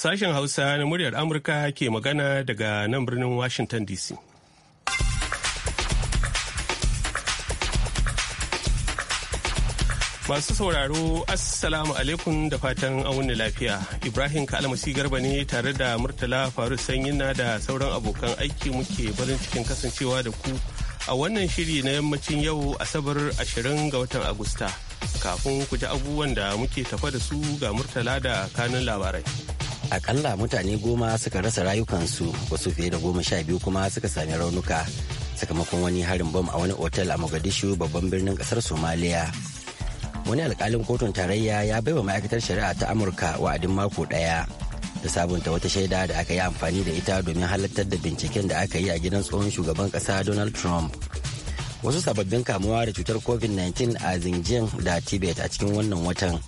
Sashen Hausa na muryar Amurka ke magana daga nan birnin Washington DC. Masu sauraro, Assalamu alaikum da fatan wuni lafiya. Ibrahim Kalmasi Garba ne tare da Murtala Faru na da sauran abokan aiki muke barin cikin kasancewa da ku a wannan shiri na yammacin yau Asabar 20 ga watan Agusta. Kafin ku ji abubuwan da muke tafa da su ga Murtala da kanun labarai. akalla mutane goma suka rasa rayukansu wasu fiye da goma sha biyu kuma suka sami raunuka sakamakon wani harin bom a wani otal a mogadishu babban birnin kasar somaliya wani alkalin kotun tarayya ya bai wa ma'aikatar shari'a ta amurka wa'adin mako daya da sabunta wata shaida da aka yi amfani da ita domin halartar da binciken da aka yi a gidan tsohon shugaban kasa donald trump wasu sababbin kamuwa da cutar covid-19 a zinjin da tibet a cikin wannan watan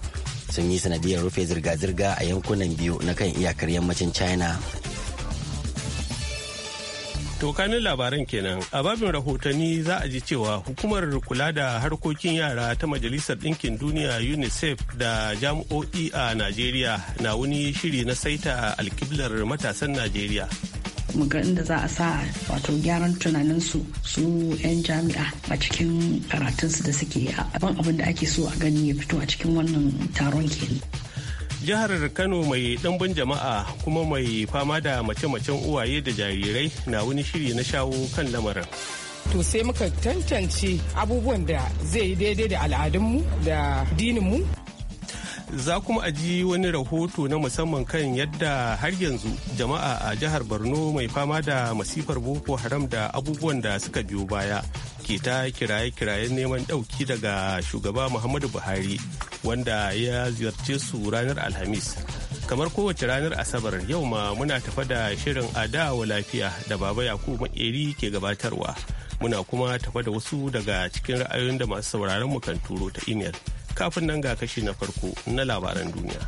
sun yi sanadiyar rufe zirga-zirga a yankunan biyu na kan iyakar yammacin china tokanin labaran kenan a babin rahotanni za a ji cewa hukumar kula da harkokin yara ta majalisar ɗinkin duniya unicef da jami'o'i a najeriya na wani shiri na saita alkiblar matasan najeriya mu ga inda za a sa wato gyaran tunanin su su 'yan jami'a a cikin karatunsu da suke abin abin da ake so a gani ya fito a cikin wannan taron ke. jihar kano mai ɗanbin jama'a kuma mai fama da mace-macen uwaye da jarirai na wani shiri na shawo kan lamarin to sai muka tantance abubuwan da zai yi daidai da al'adunmu da dininmu za kuma a ji wani rahoto na musamman kan yadda har yanzu jama'a a jihar borno mai fama da masifar boko haram da abubuwan da suka biyo baya ke ta kiraye-kirayen neman ɗauki daga shugaba muhammadu buhari wanda ya ziyarce su ranar alhamis kamar kowace ranar asabar yau ma muna tafa da shirin adawa lafiya da baba yakubu eri ke gabatarwa muna kuma tafa da wasu daga cikin ra'ayoyin da masu sauraron mu kan turo ta imel. kafin nan ga kashi na farko na labaran duniya.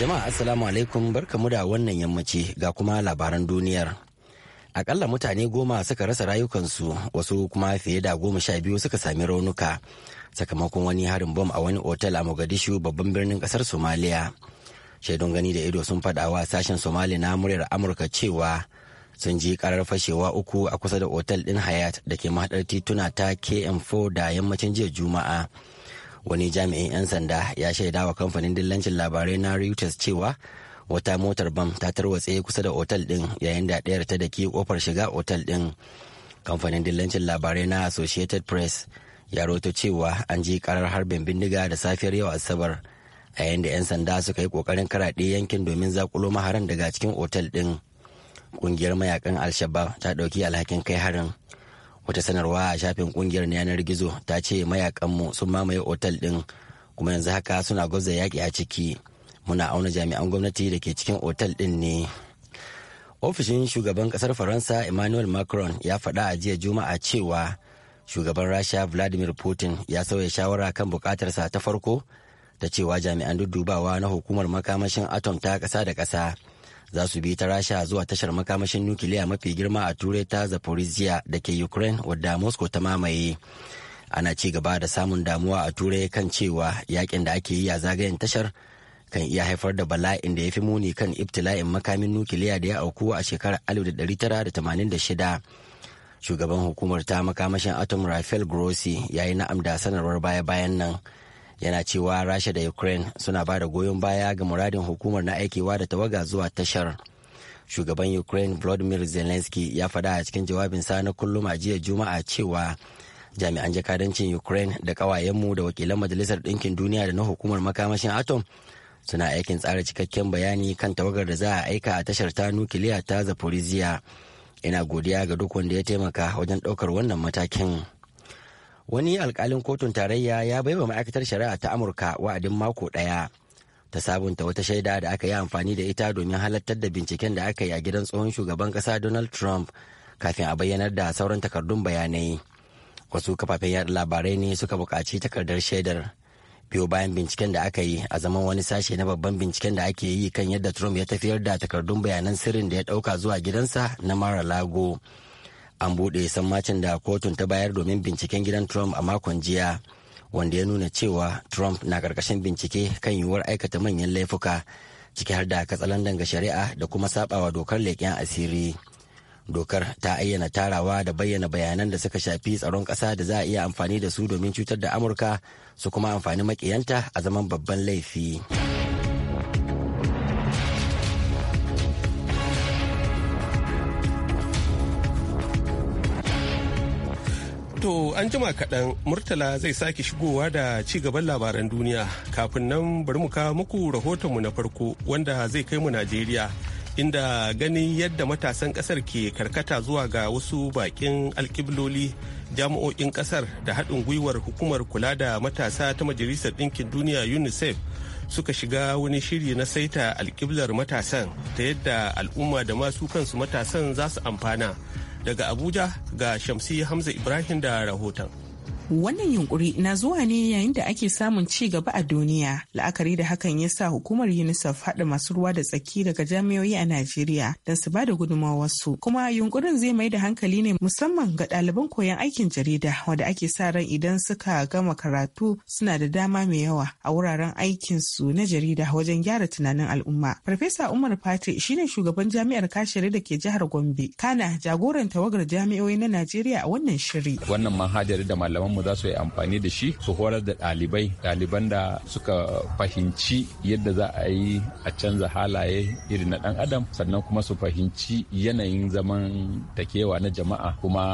Jama'a Assalamu alaikum barkamu da wannan yammaci ga kuma labaran duniyar. Akalla mutane goma suka rasa rayukansu wasu kuma fiye da goma sha biyu suka sami raunuka sakamakon wani harin bom a wani otal a Mogadishu babban birnin kasar Somalia. Shaidun gani da ido sun faɗa wa sashen Somali na muryar Amurka cewa sun ji karar fashewa uku a kusa da otal ɗin hayat da ke mahaɗar tituna ta km4 da yammacin jiya juma'a wani jami'in 'yan sanda ya shaida wa kamfanin dillancin labarai na reuters cewa wata motar bam ta tarwatse kusa da otal ɗin yayin da ɗayar ta ke kofar shiga otal ɗin kamfanin dillancin labarai na associated press ya roto cewa an ji karar harbin bindiga da safiyar yau asabar a yayin da 'yan sanda suka yi kokarin karaɗe yankin domin zakulo maharan daga cikin otal ɗin kungiyar mayakan alshabab ta ɗauki alhakin kai harin wata sanarwa a shafin kungiyar na yanar gizo ta ce mayakanmu sun mamaye otal din, kuma yanzu haka suna gwabza yaki a ciki muna auna jami'an gwamnati da ke cikin otal din ne ofishin shugaban ƙasar faransa emmanuel macron ya faɗa a jiya juma'a cewa shugaban rasha vladimir putin ya sauya shawara kan bukatarsa ta farko ta cewa jami'an duddubawa na hukumar makamashin atom ta ƙasa da ƙasa za su bi ta rasha zuwa tashar makamashin nukiliya mafi girma a turai ta zaporizhia da ke ukraine wadda moscow ta mamaye ana ci gaba da samun damuwa a turai kan cewa yakin da ake yi a zagayen tashar kan iya haifar da bala'in da ya fi muni kan ibtila'in makamin nukiliya da ya auku a shekarar 1986 shugaban hukumar ta makamashin atom rafael grossi ya yi na'am da sanarwar baya-bayan nan yana cewa rasha da ukraine suna ba da goyon baya ga muradin hukumar na aikewa da tawaga zuwa tashar shugaban ukraine vladimir zelensky ya fada a cikin jawabinsa na kullum a jiya juma'a cewa jami'an jakadancin ukraine da ƙawayenmu da wakilan majalisar ɗinkin duniya da na hukumar makamashin atom suna aikin tsara cikakken bayani kan tawagar da za a aika a tashar ta nukiliya ta zaporizhia ina godiya ga duk wanda ya taimaka wajen ɗaukar wannan matakin. wani alkalin kotun tarayya ya baiwa ma'aikatar shari'a ta amurka wa'adin mako ɗaya ta sabunta wata shaida da aka yi amfani da ita domin halartar da binciken da aka yi a gidan tsohon shugaban ƙasa donald trump kafin a bayyanar da sauran takardun bayanai wasu kafafen yada labarai ne suka buƙaci takardar shaidar biyo bayan binciken da aka yi a zaman wani sashe na babban binciken da ake yi kan yadda trump ya tafiyar da takardun bayanan sirrin da ya ɗauka zuwa gidansa na mara lago an buɗe sammacin da kotun ta bayar domin binciken gidan trump a makon jiya wanda ya nuna cewa trump na ƙarƙashin bincike kan yiwuwar aikata manyan laifuka ciki har da katsalandan ga shari'a da kuma sabawa dokar leƙen asiri dokar ta ayyana tarawa da bayyana bayanan da suka shafi tsaron ƙasa da za a iya amfani da su domin cutar da amurka su kuma amfani maƙiyanta a zaman babban laifi. To an jima kaɗan Murtala zai sake shigowa da ci gaban labaran duniya kafin nan bari mu kawo muku rahotonmu na farko wanda zai kai mu Najeriya inda ganin yadda matasan ƙasar ke karkata zuwa ga wasu bakin alkibloli jami'o'in ƙasar da haɗin gwiwar hukumar kula da matasa ta Majalisar Ɗinkin Duniya UNICEF suka shiga wani shiri na saita alkiblar matasan ta yadda al'umma da masu kansu matasan za su amfana. Daga Abuja ga Shamsi Hamza Ibrahim da rahoton. Wannan yunkuri na zuwa ne yayin da ake samun ci gaba a duniya. La'akari da hakan ya sa hukumar UNICEF haɗa masu ruwa da tsaki daga jami'o'i a Najeriya don su ba da gudunmawarsu. Kuma yunkurin zai mai da hankali ne musamman ga ɗaliban koyon aikin jarida wanda ake sa ran idan suka gama karatu suna da dama mai yawa a wuraren aikinsu na jarida wajen gyara tunanin al'umma. Farfesa Umar Fati shine shugaban jami'ar kashere da ke jihar Gombe. Kana jagoran tawagar jami'o'i na Najeriya a wannan shiri. Wannan manhajar da malaman mu za su yi amfani da shi su horar da ɗalibai ɗaliban da suka fahimci yadda za a yi a canza halaye irin na ɗan adam sannan kuma su fahimci yanayin zaman takewa na jama'a kuma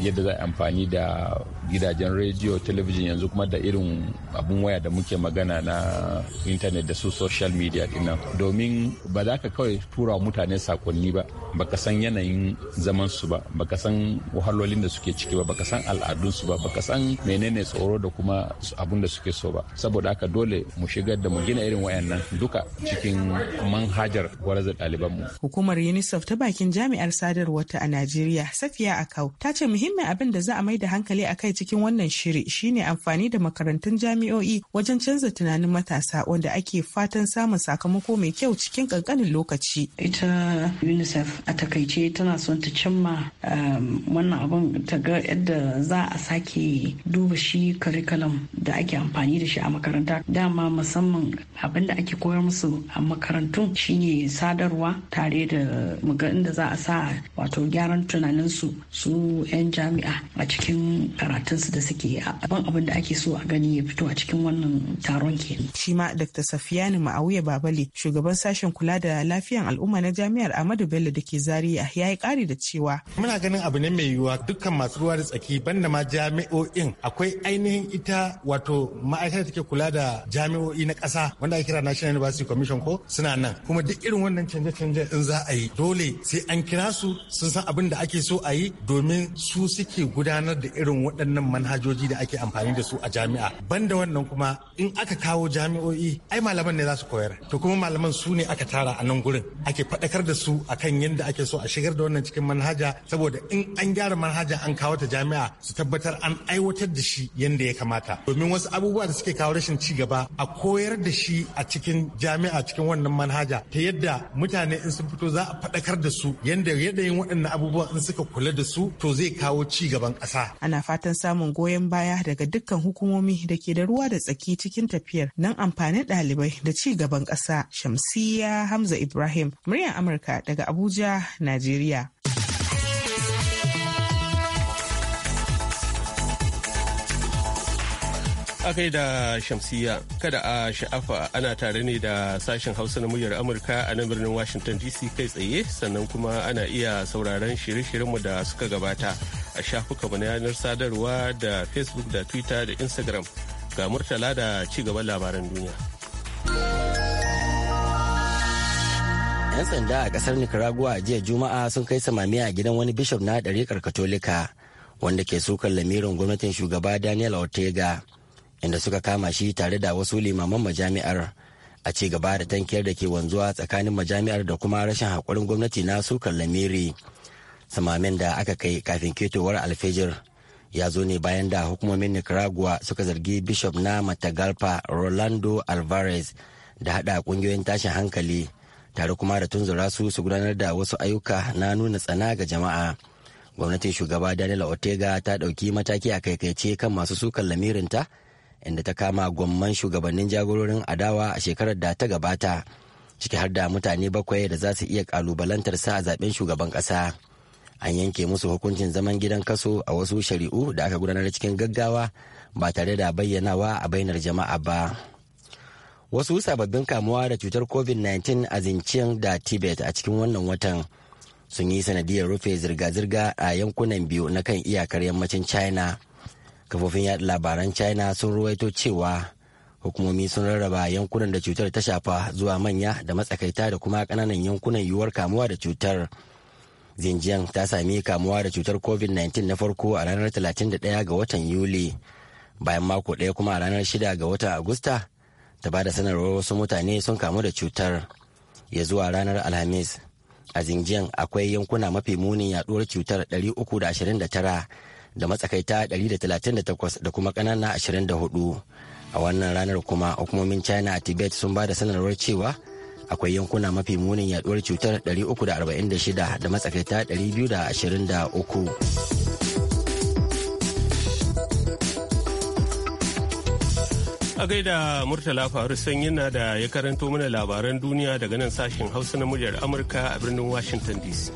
yadda za a amfani da gidajen rediyo talabijin yanzu kuma da irin abun waya da muke magana na intanet da su social media dinnan domin ba za ka kawai tura mutane sakonni ba baka san yanayin zaman su ba baka san wahalolin da suke ciki ba baka san al'adun su ba baka ka san menene tsoro da kuma abun da suke so ba saboda haka dole mu shigar da mu gina irin wayannan duka cikin manhajar gwarazar mu Hukumar UNICEF ta bakin jami'ar sadarwar ta a Najeriya Safiya Akau ta ce muhimmin abin da za a mai da hankali a kai cikin wannan shiri shine amfani da makarantun jami'o'i wajen canza tunanin matasa wanda ake fatan samun sakamako mai kyau cikin kankanin lokaci. Ita UNICEF a takaice tana son ta cimma um, wannan abin ta ga yadda za a sake ake duba shi curriculum da ake amfani da shi a makaranta dama musamman abin da ake koyar musu a makarantun shine sadarwa tare da muga da za a sa wato gyaran tunaninsu su 'yan jami'a a cikin karatunsu da suke ban abin da ake so a gani ya fito a cikin wannan taron ke. shi ma dr safiyani ma'auya babale shugaban sashen kula da lafiyan al'umma na jami'ar ahmadu bello da ke zariya ya yi kari da cewa muna ganin abu ne mai yiwuwa dukkan masu ruwa da tsaki banda ma jami'a jami'o'in akwai ainihin ita wato ma'aikatar take kula da jami'o'i na ƙasa wanda ake kira National University Commission ko suna nan kuma duk irin wannan canje-canje in za a yi dole sai an kira su sun san abin da ake so a yi domin su suke gudanar da irin waɗannan manhajoji da ake amfani da su a jami'a banda wannan kuma in aka kawo jami'o'i ai malaman ne za su koyar to kuma malaman su ne aka tara a nan gurin ake faɗakar da su akan yadda ake so a shigar da wannan cikin manhaja saboda in an gyara manhaja an kawo ta jami'a su tabbatar an an aiwatar da shi yadda ya kamata domin wasu abubuwa da suke kawo rashin ci gaba a koyar da shi a cikin jami'a cikin wannan manhaja ta yadda mutane in sun fito za a faɗakar da su yadda yin waɗannan abubuwan in suka kula da su to zai kawo ci gaban ƙasa. Ana fatan samun goyon baya daga dukkan hukumomi da ke da ruwa da tsaki cikin tafiyar nan amfanin ɗalibai da ci gaban ƙasa. Shamsiya Hamza Ibrahim, muryar Amurka daga Abuja, Najeriya. aka yi da shamsiya kada a sha'afa ana tare ne da sashen hausa na muryar amurka a nan birnin washington dc kai tsaye sannan kuma ana iya sauraron shirye-shiryenmu da suka gabata a shafukanmu na yanar sadarwa da facebook da twitter da instagram ga murtala da ci gaban labaran duniya 'yan sanda a kasar nicaragua jiya juma'a sun kai samamiya a gidan wani bishop na ɗarikar katolika wanda ke sukan lamirin gwamnatin shugaba daniel ortega inda suka kama shi tare da wasu limaman majami'ar a ci gaba da tankiyar da ke wanzuwa tsakanin majami'ar da kuma rashin haƙurin gwamnati na sukar lamiri samamin da aka kai kafin ketowar alfejir. ya zo ne bayan da hukumomin nicaragua suka zargi bishop na matagalpa rolando alvarez da haɗa ƙungiyoyin tashin hankali tare kuma da tunzura su su gudanar da wasu ayyuka na nuna tsana ga jama'a gwamnatin shugaba daniel ortega ta ɗauki mataki a kaikaice kan masu sukan lamirinta inda ta kama gwamman shugabannin jagororin adawa a shekarar da ta gabata ciki har da mutane bakwai da za su iya kalubalantar sa a zaben shugaban kasa an yanke musu hukuncin zaman gidan kaso a wasu shari'u da aka gudanar cikin gaggawa ba tare da bayyanawa a bainar jama'a ba wasu sababbin kamuwa da cutar covid-19 a zincin da tibet a cikin wannan watan sun yi sanadiyar rufe zirga-zirga a yankunan biyu na kan iyakar yammacin china kafofin yaɗa labaran china sun ruwaito cewa hukumomi sun rarraba yankunan da cutar ta shafa zuwa manya da matsakaita da kuma kananan yankunan yiwuwar kamuwa da cutar Xinjiang ta sami kamuwa da cutar covid-19 na farko a ranar 31 ga watan yuli bayan mako ɗaya kuma a ranar 6 ga watan agusta ta bada sanarwar wasu mutane sun kamu da cutar ya zuwa ranar alhamis a Xinjiang akwai yankuna mafi munin yaɗuwar cutar 329 da matsakaita 138 da kuma ƙanana 24 a wannan ranar kuma hukumomin china a tibet sun ba da sanarwar cewa akwai yankuna mafi munin yaduwar cutar 346 da matsakaita 223 A gaida Murtala Faru na da ya karanto mana labaran duniya daga nan sashen Hausa na muryar Amurka a birnin Washington DC.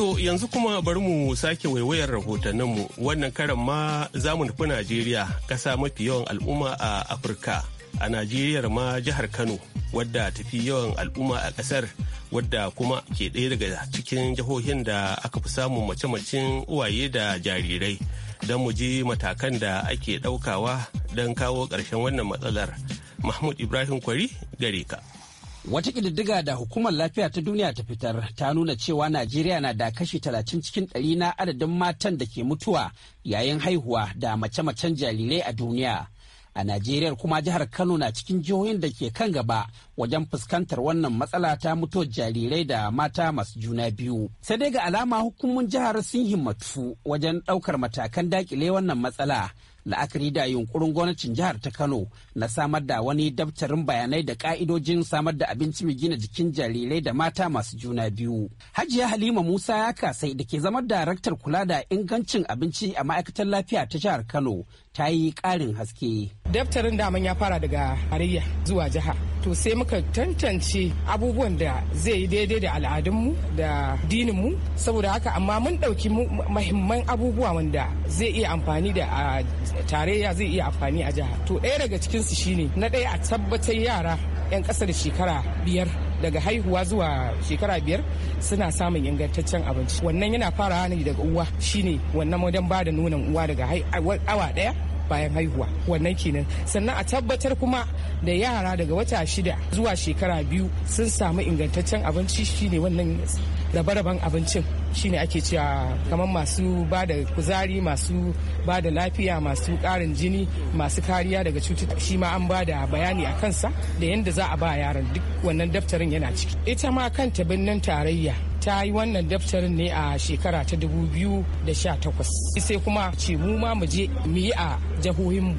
To yanzu kuma bari mu sake waiwayar rahotanninmu wannan karan ma za mu nufi Najeriya ƙasa mafi yawan al'umma a Afirka. A Najeriya ma jihar Kano wadda tafi yawan al'umma a ƙasar wadda kuma ke ɗaya daga cikin jihohin da aka fi samun mace-macen uwaye da jarirai don mu ji matakan da ake ɗaukawa don kawo ƙarshen wannan matsalar. Mahmud Ibrahim Kwari gare ka. Wata ƙididdiga da hukumar lafiya ta duniya ta fitar ta nuna cewa Najeriya na da kashi talatin cikin ɗari na adadin matan da ke mutuwa yayin haihuwa da mace-macen jarirai a duniya. A Najeriya kuma jihar Kano na cikin jihohin da ke kan gaba wajen fuskantar wannan matsala ta mutuwar jarirai da mata masu juna biyu. Sai dai ga alama hukumomin jihar sun himmatu wajen ɗaukar matakan dakile wannan matsala. la'akari da yunkurin gwamnatin jihar ta kano na samar da wani daftarin bayanai da ka'idojin samar da abinci mai gina jikin jarirai da mata masu juna biyu hajiya halima musa ya kasai da ke zama daraktar kula da ingancin abinci a ma'aikatar lafiya ta jihar kano ta yi ƙarin haske. Daftarin daman ya fara daga hariya zuwa jiha. To sai muka tantance abubuwan da zai yi daidai da al'adunmu da dininmu saboda haka amma mun ɗauki mahimman abubuwa wanda zai iya amfani da a tarayya zai iya amfani a jiha. To ɗaya daga cikinsu shine na ɗaya a tabbatar yara 'yan ƙasa da shekara biyar daga haihuwa zuwa shekara biyar suna samun ingantaccen abinci wannan yana farawa ne daga uwa shine wannan wajen ba da nonon uwa daga awa daya bayan haihuwa wannan kenan sannan a tabbatar kuma da yara daga wata shida zuwa shekara biyu sun samu ingantaccen abinci shine wannan rabe-raben abincin shine ake cewa kamar masu ba da kuzari masu ba da lafiya masu karin jini masu kariya daga cututtuka shi ma an ba da bayani a kansa da yadda za a ba yaran duk wannan daftarin yana ciki ita ma kanta birnin tarayya ta yi wannan daftarin ne a shekara ta 2018 sai kuma ce mu ma mu je mu yi a jihohinmu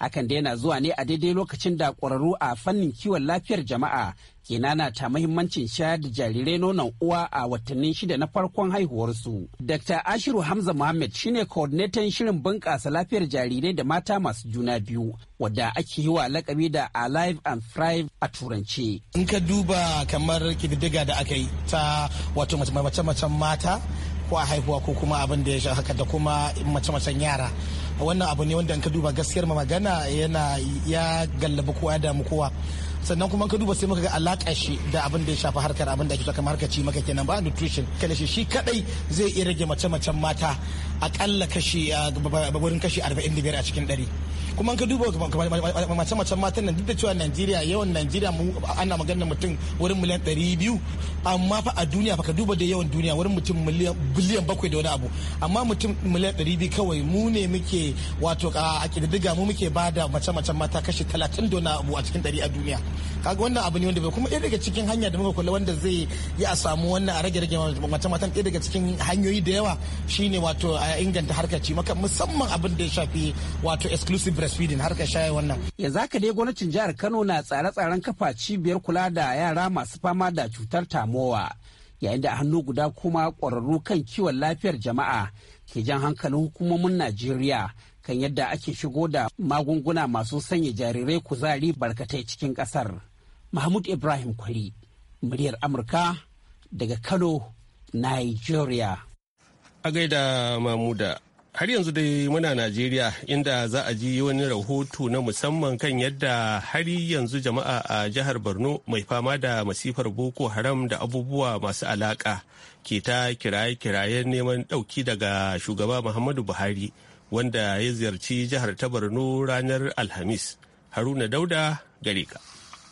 hakan da yana zuwa ne a daidai lokacin da ƙwararru a fannin kiwon lafiyar jama'a ke nanata mahimmancin shayar da jarirai nonon uwa a watanni shida na farkon haihuwarsu. Dr. Ashiru Hamza Mohammed shine coordinator shirin bunƙasa lafiyar jarirai da mata masu juna biyu wadda ake yi wa lakabi da Alive and Thrive a turance. In ka duba kamar kididdiga da aka yi ta wato mace-macen mata ko a haihuwa ko kuma abin da ya sha haka da kuma mace-macen yara wannan abu ne wanda in ka duba gaskiyar magana yana ya gallabi kowa da mu kowa sannan kuma ka duba sai muka ga alaƙa shi da abin da ya shafi harkar abin da ake kamar harkar ci maka kenan ba nutrition kala shi shi kadai zai iya rage mace-macen mata akalla kashi a wurin kashi 45 a cikin 100 kuma ka duba mace-macen matan nan duk da cewa najeriya yawan najeriya mu ana maganar mutum wurin miliyan ɗari biyu amma fa a duniya fa ka duba da yawan duniya wurin mutum miliyan bakwai da wani abu amma mutum miliyan ɗari biyu kawai mu ne muke wato a ƙididdiga mu muke ba da mace-macen mata kashi talatin da wani abu a cikin ɗari a duniya kaga wannan abu ne wanda bai kuma ɗaya daga cikin hanya da muka kula wanda zai yi a samu wannan a rage rage mace matan ɗaya daga cikin hanyoyi da yawa shine wato a inganta harkar maka musamman abin da ya shafi wato exclusive breastfeeding harkar shaye wannan ya zaka dai gwamnatin jihar Kano na tsare-tsaren kafa cibiyar kula da yara masu fama da cutar tamowa yayin da hannu guda kuma kwararru kan kiwon lafiyar jama'a ke jan hankalin hukumomin Najeriya kan yadda ake shigo da magunguna masu sanya jarirai kuzari barkatai cikin ƙasar. Mahmud Ibrahim Kwari, muryar Amurka daga Kano, Nigeria. A gaida Mahmuda har yanzu dai muna Najeriya inda za a ji wani rahoto na musamman kan yadda har yanzu jama'a a jihar Borno mai fama da masifar Boko Haram da abubuwa masu alaƙa ke ta kiraye-kirayen neman ɗauki daga shugaba Muhammadu Buhari wanda ya ziyarci jihar ta Borno ranar Alhamis. Haruna Dauda gare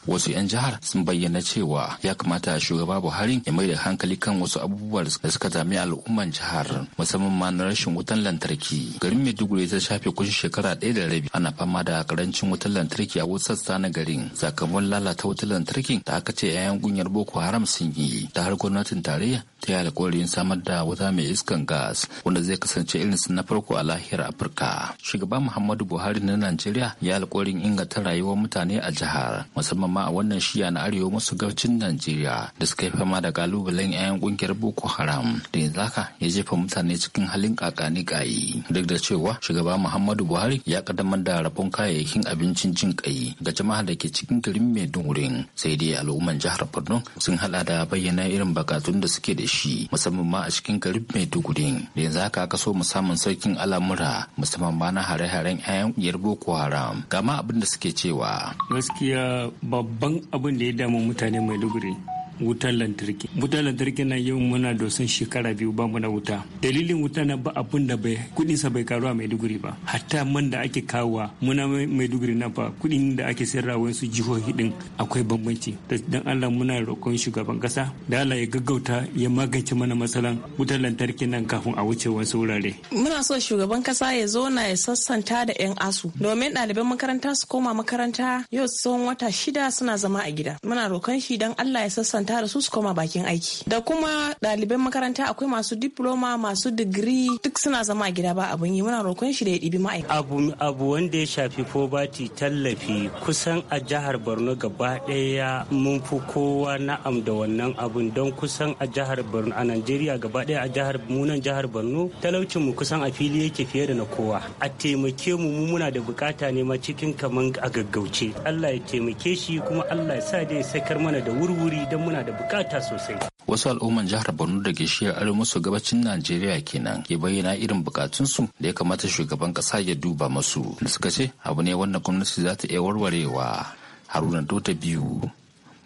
wasu 'yan jihar sun bayyana cewa ya kamata shugaba buhari ya mai da hankali kan wasu abubuwa da suka zami al'umman jihar musamman ma na rashin wutan lantarki garin maiduguri ta shafe kusan shekara ɗaya da rabi ana fama da karancin wutan lantarki a wasu sassa na garin sakamakon lalata wutan lantarkin da aka ce 'ya'yan gunyar boko haram sun yi ta har gwamnatin tarayya ta yi alkawarin samar da wuta mai iskan gas wanda zai kasance irin su na farko a lahiyar afirka shugaba muhammadu buhari na najeriya ya alkawarin inganta rayuwar mutane a jihar musamman ma a wannan shiya na arewa masu gabacin najeriya da suka yi fama da kalubalen 'ya'yan kungiyar boko haram da yanzu haka ya jefa mutane cikin halin kakani kayi duk da cewa shugaba muhammadu buhari ya kaddamar da rabon kayayyakin abincin jin kai ga jama'a da ke cikin garin maiduguri sai dai al'umman jihar borno sun hada da bayyana irin bakatun da suke da shi musamman ma a cikin garin maiduguri da yanzu haka aka so mu musamman sarkin al'amura musamman ma na hare-haren 'ya'yan yar boko haram ga abin da suke cewa gaskiya babban abin da ya damu mutane maiduguri wutar lantarki wutar lantarki na yau muna dosan shekara biyu ba mu wuta dalilin wuta na ba abun da bai kudin sa bai karuwa duguri ba hatta man da ake kawowa muna duguri na fa kudin da ake sayarwa wasu jihohi din akwai bambanci dan Allah muna roƙon shugaban kasa da Allah ya gaggauta ya magance mana matsalan wutar lantarki nan kafin a wuce wasu wurare muna so shugaban kasa ya zo na ya sassanta da yan asu domin ɗaliban makaranta su koma makaranta yau tsawon wata shida suna zama a gida muna roƙon shi dan Allah ya sassanta sasanta da su su koma bakin aiki da kuma ɗaliban makaranta akwai masu diploma masu digiri duk suna zama a gida ba abin yi muna roƙon shi da ya ɗibi ma'aikata. abu wanda ya shafi pobati tallafi kusan a jihar borno gaba ɗaya mun fi kowa na'am da wannan abun don kusan a jihar borno a najeriya gaba ɗaya a jihar munan jihar borno talaucin mu kusan a fili yake fiye da na kowa a taimake mu mu muna da bukata ne ma cikin kaman a gaggauce allah ya taimake shi kuma allah ya sa dai ya sakar mana da wurwuri don muna da bukata sosai wasu al'umman jihar borno da ke shiyar arewa maso gabacin najeriya kenan ke bayyana irin bukatunsu da ya kamata shugaban kasa ya duba masu da suka ce abu ne wannan gwamnati za ta iya warwarewa haruna dota biyu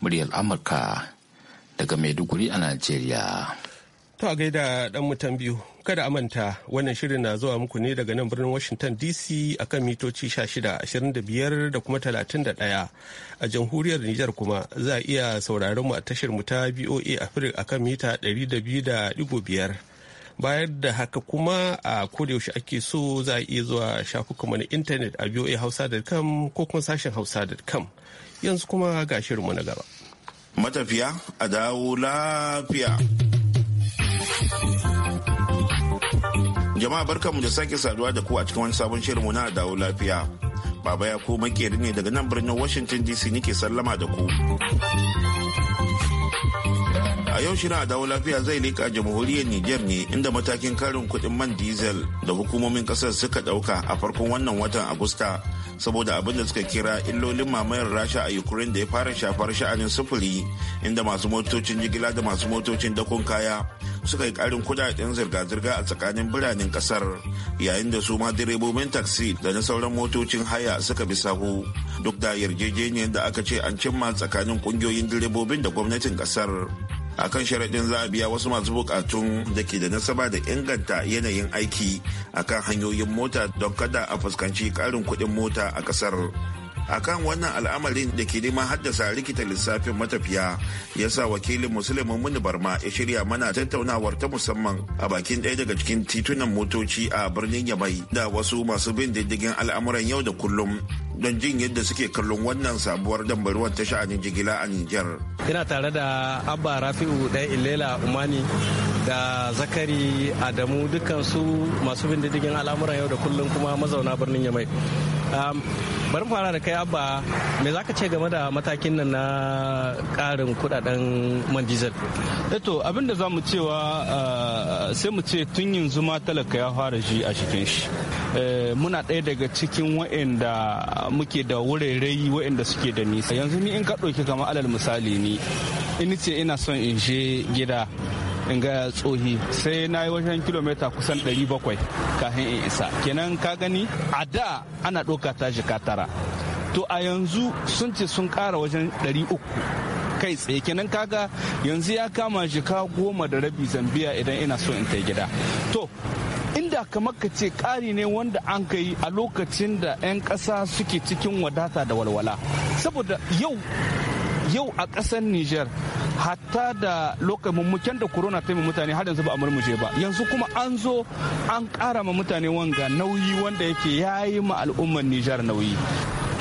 muryar amurka daga maiduguri a najeriya To a gaida dan mutan biyu kada a manta wannan shirin na zuwa muku ne daga nan birnin Washington DC akan mitoci 1625 da kuma 31 a jamhuriyar Nijar kuma za a iya sauraron mu a tashar mu ta BOA Africa akan mita 200.5 bayan da haka kuma a kodayaushe ake so za a iya zuwa shafukanmu na intanet a boahausa.com ko kuma sashen hausa.com yanzu kuma ga shirinmu na gaba matafiya a dawo lafiya Jama'a barkanmu da sake saduwa da ku a cikin wani sabon mu na dawo lafiya. Baba ya ko makeri ne daga nan birnin Washington DC nike sallama da ku. a yau shirin dawo lafiya zai lika jamhuriyar niger ne inda matakin karin kudin man diesel da hukumomin kasar suka dauka a farkon wannan watan agusta saboda abin da suka kira illolin mamayar rasha a ukraine da ya fara shafar sha'anin sufuri inda masu motocin jigila da masu motocin dakon kaya suka yi karin kudaden zirga-zirga a tsakanin biranen kasar yayin da su ma direbobin taksi da na sauran motocin haya suka bi sahu duk da yarjejeniyar da aka ce an cimma tsakanin kungiyoyin direbobin da gwamnatin kasar akan sharaɗin za a biya wasu masu bukatun da ke da nasaba da inganta yanayin aiki akan hanyoyin mota don kada a fuskanci ƙarin kuɗin mota a ƙasar a kan wannan al'amarin da ke neman haddasa rikita lissafin matafiya ya sa wakilin musulmin muni barma ya shirya mana tattaunawar ta musamman a bakin ɗaya daga cikin titunan motoci a birnin yamai da wasu masu bin diddigin al'amuran yau da kullum don jin yadda suke kallon wannan sabuwar dambaruwar ta sha'anin jigila a Nijar. Ina tare da Abba Rafi'u ɗaya Ilela Umani da Zakari Adamu dukansu masu bin diddigin al'amuran yau da kullum kuma mazauna birnin Yamai. Um, bari fara da kai abba me za ka ce game da matakin nan na karin kudaden man diesel eto eh abinda za mu cewa uh, sai mu ce tun yanzu ma talaka ya fara ji a cikin shi eh, muna ɗaya daga cikin wa'anda muke da wurarai wa'anda suke da nisa yanzu ni in ka ɗauki kama alal misali ni in ce ina son in je gida in ga tsohi sai na yi wajen kilomita kusan 700 kafin in isa kenan ka gani a da ana ɗauka ta jika tara to a yanzu sun ce sun ƙara wajen 300 kai tsaye kenan kaga yanzu ya kama jika goma da rabi zambiya idan ina so in ta gida to inda kamar ka ce ƙari ne wanda an ka yi a lokacin da 'yan ƙasa suke cikin wadata da walwala saboda yau yau a ƙasar niger hatta da lokacin mummuken da corona ta yi mutane har yanzu ba a murmushe ba yanzu kuma an zo an kara ma mutane wanga nauyi wanda yake yayi ma al'ummar Nijar nauyi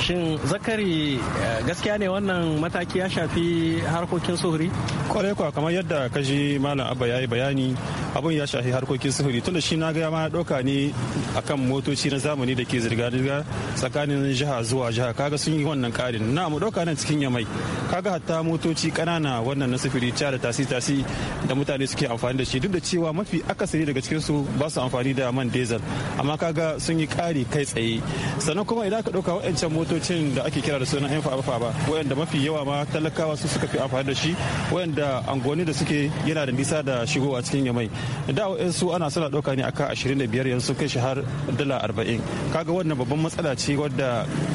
shin zakari eh, gaskiya ne wannan mataki ya shafi harkokin suhuri kwarai kwa kamar yadda ka ji malam abba ya yi bayani abun ya shafi harkokin sufuri tunda shi na gaya ma ɗauka ne akan motoci na zamani da ke zirga-zirga tsakanin jiha zuwa jiha kaga sun yi wannan karin na mu ɗauka nan cikin ya yamai kaga hatta motoci ƙanana wannan na sufuri ca da tasi-tasi da mutane suke amfani da shi duk da cewa mafi akasari daga cikin su ba su amfani da man diesel amma kaga sun yi ƙari kai tsaye sannan kuma idan ka ɗauka waɗancan motocin da ake kira da sunan yan fafa ba waɗanda mafi yawa ma talakawa su suka fi amfani da shi waɗanda da angoni da suke yana da nisa da shigowa cikin yamai da su ana suna ɗauka ne aka 25 yanzu kai shi har dala 40 kaga wannan babban matsala ce wadda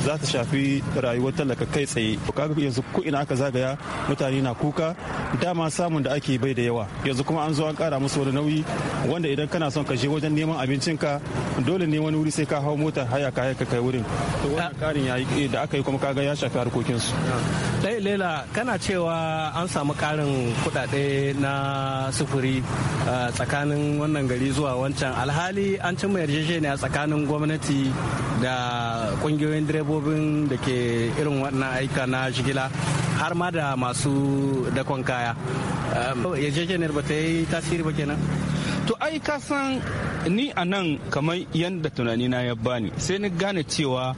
za ta shafi rayuwar talaka kai tsaye kaga yanzu ko ina aka zagaya mutane na kuka dama samun da ake bai da yawa yanzu kuma an zo an kara musu wani nauyi wanda idan kana son ka je wajen neman abincinka dole ne wani wuri sai ka hau motar haya ka haya ka kai wurin to wannan karin yayi da aka yi kuma kaga ya shafi harkokin su dai lela kana cewa an samu karin kudade kuɗaɗe na sufuri tsakanin wannan gari zuwa wancan alhali an cimma yarjejeniya tsakanin gwamnati da ƙungiyoyin direbobin da ke irin wannan aika na shigila har ma da masu dakon kaya yarjejeniyar ba ta yi tasiri ba kenan to ai ka san ni a nan kamar yadda na ya bani sai ni gane cewa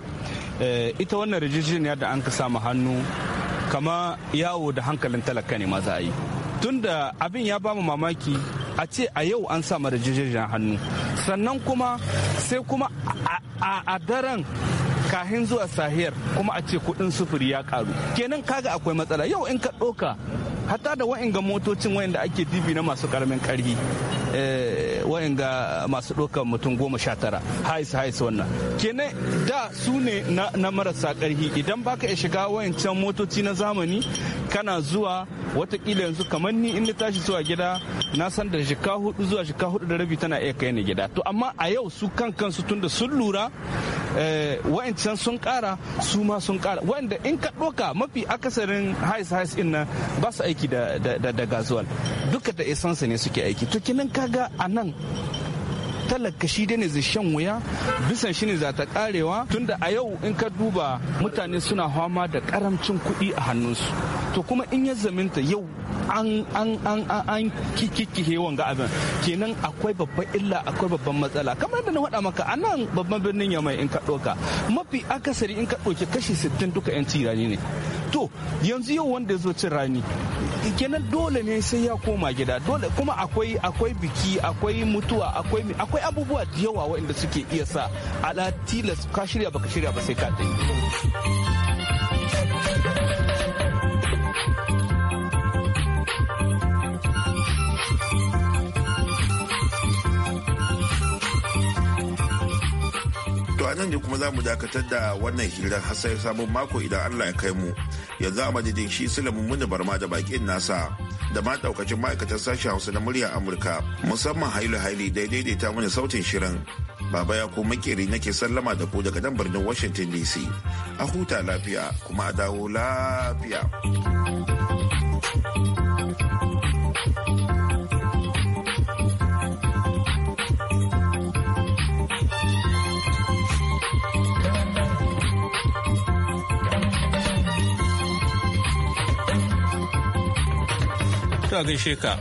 eh, ita wannan yarjejeniya da an ka samu hannu kama yawo da hankalin talaka ne maza yi tunda abin ya bamu mamaki a ce a yau an sa marajijiyar hannu sannan kuma sai kuma a daren kahin zuwa sahiyar kuma a ce kudin sufuri ya karu kenan kaga akwai matsala yau in ka ɗoka hatta da wa'inga motocin wa'inda ake dibi na masu karamin karfi eh, wa'inga masu ɗaukar mutum goma sha tara hais hais wannan kenan da su ne na marasa karfi idan baka ya shiga wa'incan motoci na zamani kana zuwa watakila yanzu kamar ni in tashi zuwa gida na san da shika hudu zuwa shika hudu da rabi tana iya kai ni gida to amma a yau su kan kansu tunda sun lura eh, wa'incan sun kara su ma sun kara wa'inda in ka ɗoka mafi akasarin hais hais in nan ba su aiki da da gazuwal duka da esansa ne suke aiki to kinan kaga a nan talaka shi ne zai shan wuya bisan shi ne za ta karewa tunda a yau in ka duba mutane suna fama da karamcin kuɗi a hannunsu to kuma in ya zaminta yau an an an an kikikihe wanga abin kenan akwai babban illa akwai babban matsala kamar da na faɗa maka a nan babban birnin yamai in ka ɗauka mafi akasari in ka ɗauki kashi 60 duka 'yan tirani ne to yanzu yau wanda zo cin rani kenan dole ne sai ya koma gida dole kuma akwai akwai biki akwai mutuwa akwai akwai abubuwa da yawa waɗanda suke iya sa ala tilas ka shirya baka shirya ba sai ka dai nan ne kuma za mu dakatar da wannan hirar har sabon mako idan Allah ya kai mu yanzu a madadin shi silamin muni barma da bakin nasa da ma daukacin ma'aikatar sashen hausa na murya amurka musamman hailu haili da ta mana sautin shirin baba ya ko makeri nake sallama da ku daga nan birnin washington dc a huta lafiya kuma a dawo lafiya. To gaishe ka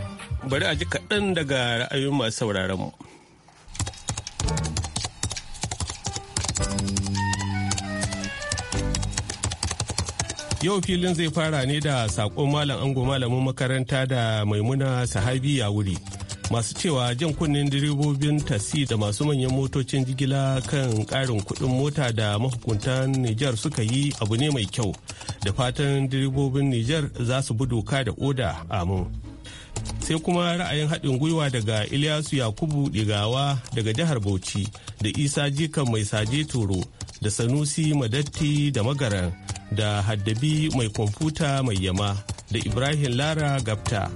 bari a ji kaɗan daga ra'ayoyin masu sauraron mu. Yau filin zai fara ne da saƙon malam ango malamin makaranta da maimuna sahabi ya wuri. Masu cewa jan kunnen direbobin tasi da masu manyan motocin jigila kan ƙarin kuɗin mota da mahukuntan Nijar suka yi abu ne mai kyau. Da fatan direbobin Nijar za su bi doka da oda amin. sai kuma ra'ayin haɗin gwiwa daga Ilyasu Yakubu Digawa daga jihar Bauchi da Isa Jikan Mai Saje Toro da Sanusi Madatti da Magaran da Haddabi Mai Kwamfuta Mai Yama da Ibrahim Lara Gapta.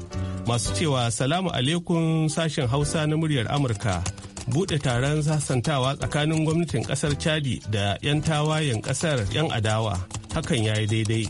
Masu cewa salamu alaikum sashen Hausa na muryar Amurka. Buɗe taron sasantawa tsakanin gwamnatin ƙasar Chadi da 'yan tawayen ƙasar 'yan adawa hakan ya yi daidai.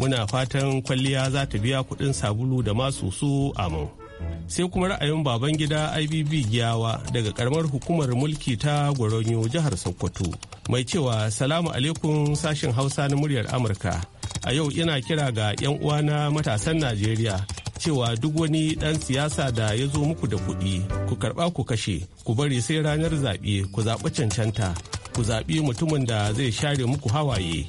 muna fatan kwalliya za ta biya kuɗin sabulu da masu su amin. sai kuma ra'ayin baban gida ibb giyawa daga karamar hukumar mulki ta gwaronyo jihar sokoto mai cewa salamu alaikum sashin hausa na muryar amurka a yau ina kira ga 'yan uwana matasan najeriya cewa duk wani ɗan siyasa da ya zo muku da kuɗi ku karɓa ku kashe ku bari sai ranar zaɓe ku zaɓi cancanta ku zaɓi mutumin da zai share muku hawaye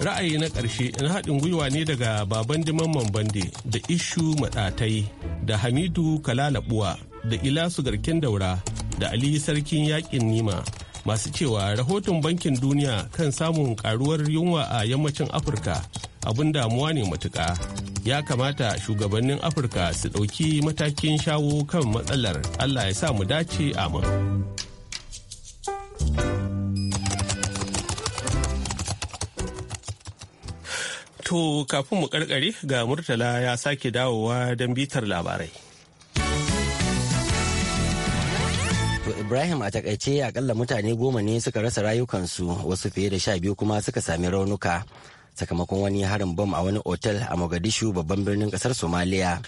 ra'ayi na ƙarshe in haɗin gwiwa ne daga baban diman bande da ishu maɗatai da hamidu kalalabuwa da ilasu garkin daura da ali sarkin yaƙin nima masu cewa rahoton bankin duniya kan samun karuwar yunwa a yammacin afirka abin damuwa ne matuƙa ya kamata shugabannin afirka su ɗauki matakin shawo kan matsalar allah ya sa mu dace amin. To kafin mu karkare ga Murtala ya sake dawowa don bitar labarai. To Ibrahim a takaice akalla mutane goma ne suka rasa rayukansu wasu fiye da sha biyu kuma suka sami raunuka sakamakon wani harin bom a wani otel a Mogadishu babban birnin kasar Somalia.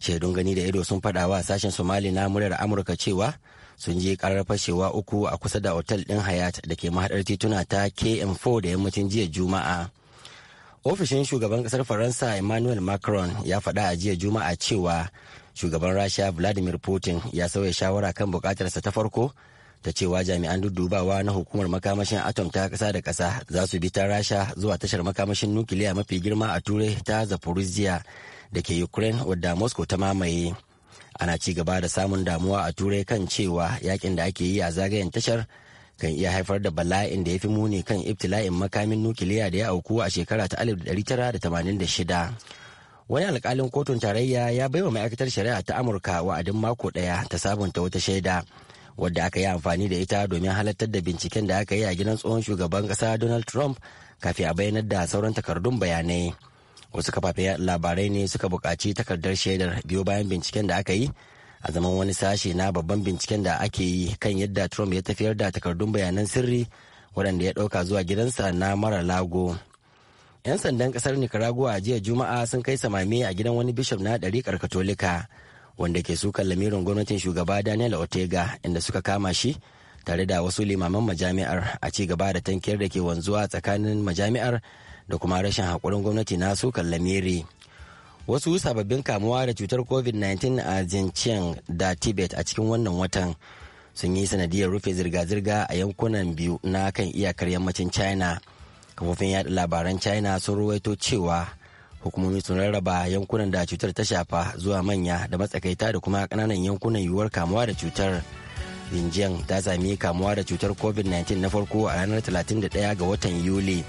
Shaidun gani da ido sun faɗa wa sashen Somali na muryar Amurka cewa sun je karar fashewa uku a kusa da otel ɗin Hayat da ke mahaɗar tituna ta KM4 da yammacin jiya Juma'a. ofishin shugaban kasar faransa emmanuel macron ya faɗa a jiya juma'a cewa shugaban rasha vladimir putin ya sauya shawara kan bukatarsa ta farko ta cewa jami'an dudubawa na hukumar makamashin atom ta kasa da kasa za su bi ta rasha zuwa tashar makamashin nukiliya mafi girma a turai ta zaporizhia da ke ukraine wadda moscow ta mamaye ana ci gaba da samun damuwa a turai kan cewa yakin da ake yi a zagayen tashar kan iya haifar da bala'in da ya fi muni kan ibtila'in makamin nukiliya da ya auku a shekara ta 1986 wani alkalin kotun tarayya ya baiwa ma'aikatar shari'a ta amurka wa'adin mako daya ta sabunta wata shaida wadda aka yi amfani da ita domin halartar da binciken da aka yi a gidan tsohon shugaban kasa donald trump kafin a bayyanar da sauran takardun bayanai wasu kafafen labarai ne suka buƙaci takardar shaidar biyo bayan binciken da aka yi a zaman wani sashe na babban binciken da ake yi kan yadda trump ya tafiyar da takardun bayanan sirri waɗanda ya ɗauka zuwa gidansa na mara lago 'yan sandan ƙasar nicaragua a jiya juma'a sun kai samame a gidan wani bishop na ɗariƙar katolika wanda ke sukan lamirin gwamnatin shugaba daniel ortega inda suka kama shi tare da wasu limaman majami'ar a ci gaba da tankiyar da ke wanzuwa tsakanin majami'ar da kuma rashin haƙurin gwamnati na sukan lamiri wasu sababbin kamuwa da cutar covid-19 a Jincheng da tibet a cikin wannan watan sun yi sanadiyar rufe zirga-zirga a yankunan biyu na kan iyakar yammacin china kafofin yada labaran china sun ruwaito cewa hukumomi sun rarraba yankunan da cutar ta shafa zuwa manya da matsakaita da kuma kananan yankunan yiwuwar kamuwa da cutar Xinjiang ta sami kamuwa da cutar covid-19 na farko a ranar 31 ga watan yuli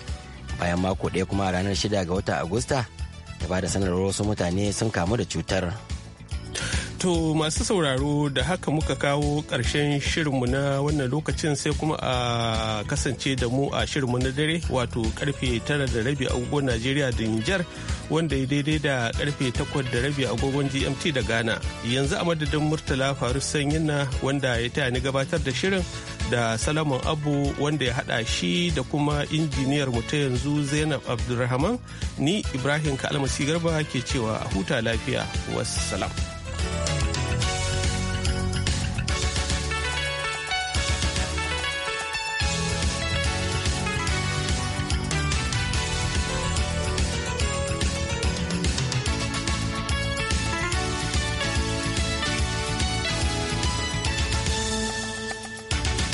bayan mako ɗaya kuma a ranar 6 ga watan agusta ta ba da sanarwar wasu mutane sun kamu da cutar To masu sauraro da haka muka kawo ƙarshen shirinmu na wannan lokacin sai kuma a kasance da mu a shirinmu na dare wato karfe tara da rabi agogon Najeriya da Nijar wanda ya daidai da karfe takwas da rabi agogon GMT da Ghana. Yanzu a madadin Murtala Faru na wanda ya taya ni gabatar da shirin da Salamun Abu wanda ya haɗa shi da kuma injiniyar mu ta yanzu Zainab Abdulrahman ni Ibrahim Kalmasi Garba ke cewa a huta lafiya wassalam.